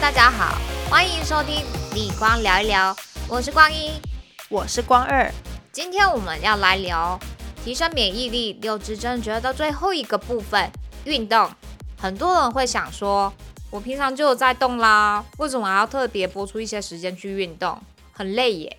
大家好，歡迎收聽《立光聊一聊》，我是光一，我是光二。今天我們要來聊提升免疫力六字真訣的最後一個部分——運動。很多人會想說，我平常就有在動啦，為什麼還要特別撥出一些時間去運動？很累耶。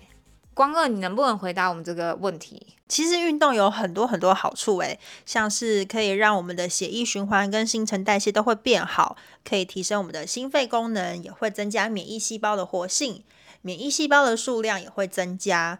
光二，你能不能回答我們這個問題？其實運動有很多很多好處，哎，像是可以讓我們的血液循環跟新陳代謝都會變好，可以提升我們的心肺功能，也會增加免疫細胞的活性，免疫細胞的數量也會增加。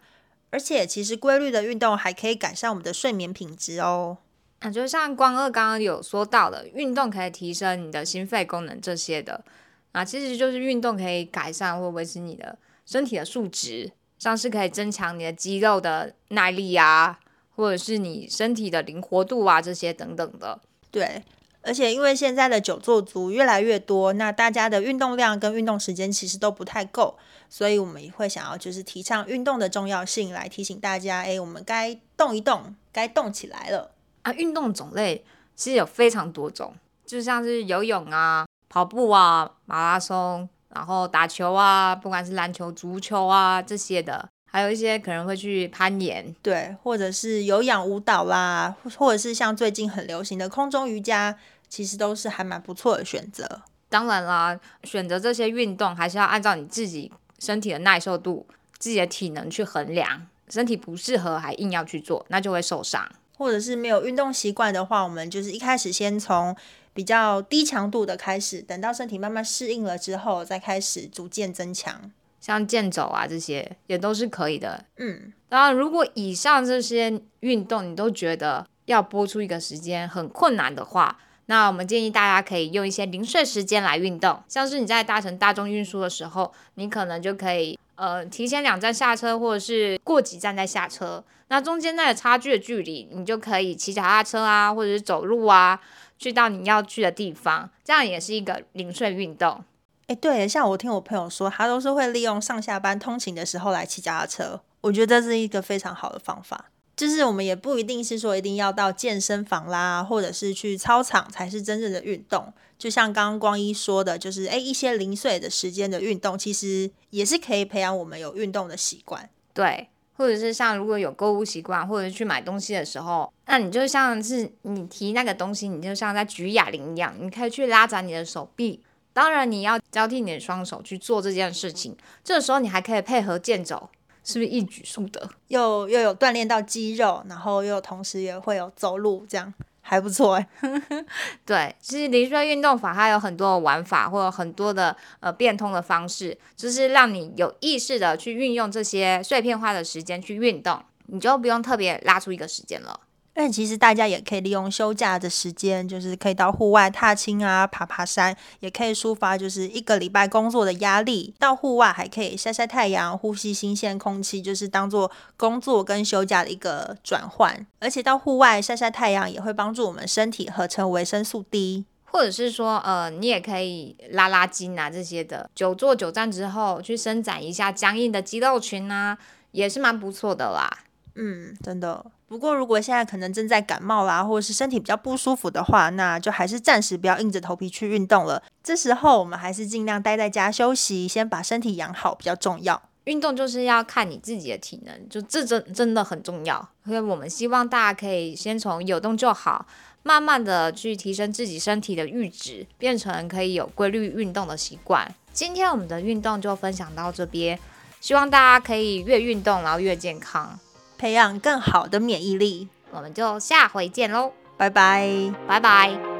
而且，其實規律的運動還可以改善我們的睡眠品質哦。那就像光二剛剛有說到的，運動可以提升你的心肺功能這些的，啊，其實就是運動可以改善或維持你的身體的素質。像是可以增強你的肌肉的耐力啊，或者是你身體的靈活度啊，這些等等的。對，而且因為現在的久坐族越來越多，那大家的運動量跟運動時間其實都不太夠，所以我們也會想要就是提倡運動的重要性，來提醒大家，哎，我們該動一動，該動起來了啊！運動種類其實有非常多種，就像是游泳啊、跑步啊、馬拉松。然後打球啊，不管是籃球、足球啊這些的，還有一些可能會去攀岩，對，或者是有氧舞蹈啦、啊，或者是像最近很流行的空中瑜伽，其實都是還蠻不錯的選擇。當然啦，選擇這些運動還是要按照你自己身體的耐受度、自己的體能去衡量。身體不適合還硬要去做，那就會受傷。或者是沒有運動習慣的話，我們就是一開始先從。比較低強度的開始，等到身體慢慢適應了之後，再開始逐漸增強。像健走啊這些也都是可以的。嗯，當然如果以上這些運動你都覺得要撥出一個時間很困難的話，那我們建議大家可以用一些零碎時間來運動。像是你在搭乘大眾運輸的時候，你可能就可以呃提前兩站下車，或者是過幾站再下車。那中間那個差距的距離，你就可以騎腳踏車啊，或者是走路啊。去到你要去的地方，這樣也是一個零碎運動。哎、欸，對，像我聽我朋友說，他都是會利用上下班通勤的時候來騎腳踏車，我覺得這是一個非常好的方法。就是我們也不一定是說一定要到健身房啦，或者是去操場才是真正的運動。就像剛剛光一說的，就是誒、欸，一些零碎的時間的運動，其實也是可以培養我們有運動的習慣。對。或者是像如果有購物習慣，或者去買東西的時候，那你就像是你提那個東西，你就像在舉啞鈴一樣，你可以去拉展你的手臂。當然你要交替你的雙手去做這件事情，這時候你還可以配合健走，是不是一舉數得？又又有鍛鍊到肌肉，然後又同時也會有走路這樣。還不錯哎，對，其實零碎運動法它有很多玩法，或者很多的呃變通的方式，就是讓你有意識的去運用這些碎片化的時間去運動，你就不用特別拉出一個時間了。但其實大家也可以利用休假的時間，就是可以到戶外踏青啊，爬爬山，也可以抒發就是一個禮拜工作的壓力。到戶外還可以曬曬太陽，呼吸新鮮空氣，就是當做工作跟休假的一個轉換。而且到戶外曬曬太陽也會幫助我們身體合成維生素 D，或者是說，呃，你也可以拉拉筋啊這些的，久坐久站之後去伸展一下僵硬的肌肉群啊，也是蠻不錯的啦。嗯，真的。不過，如果現在可能正在感冒啦、啊，或者是身體比較不舒服的話，那就還是暫時不要硬着頭皮去運動了。這時候，我們還是盡量待在家休息，先把身體養好比較重要。運動就是要看你自己的體能，就這真真的很重要。所以我們希望大家可以先從有動就好，慢慢的去提升自己身體的閾值，變成可以有規律運動的習慣。今天我們的運動就分享到這邊，希望大家可以越運動，然後越健康。培養更好的免疫力，我們就下回見嘍！拜拜，拜拜。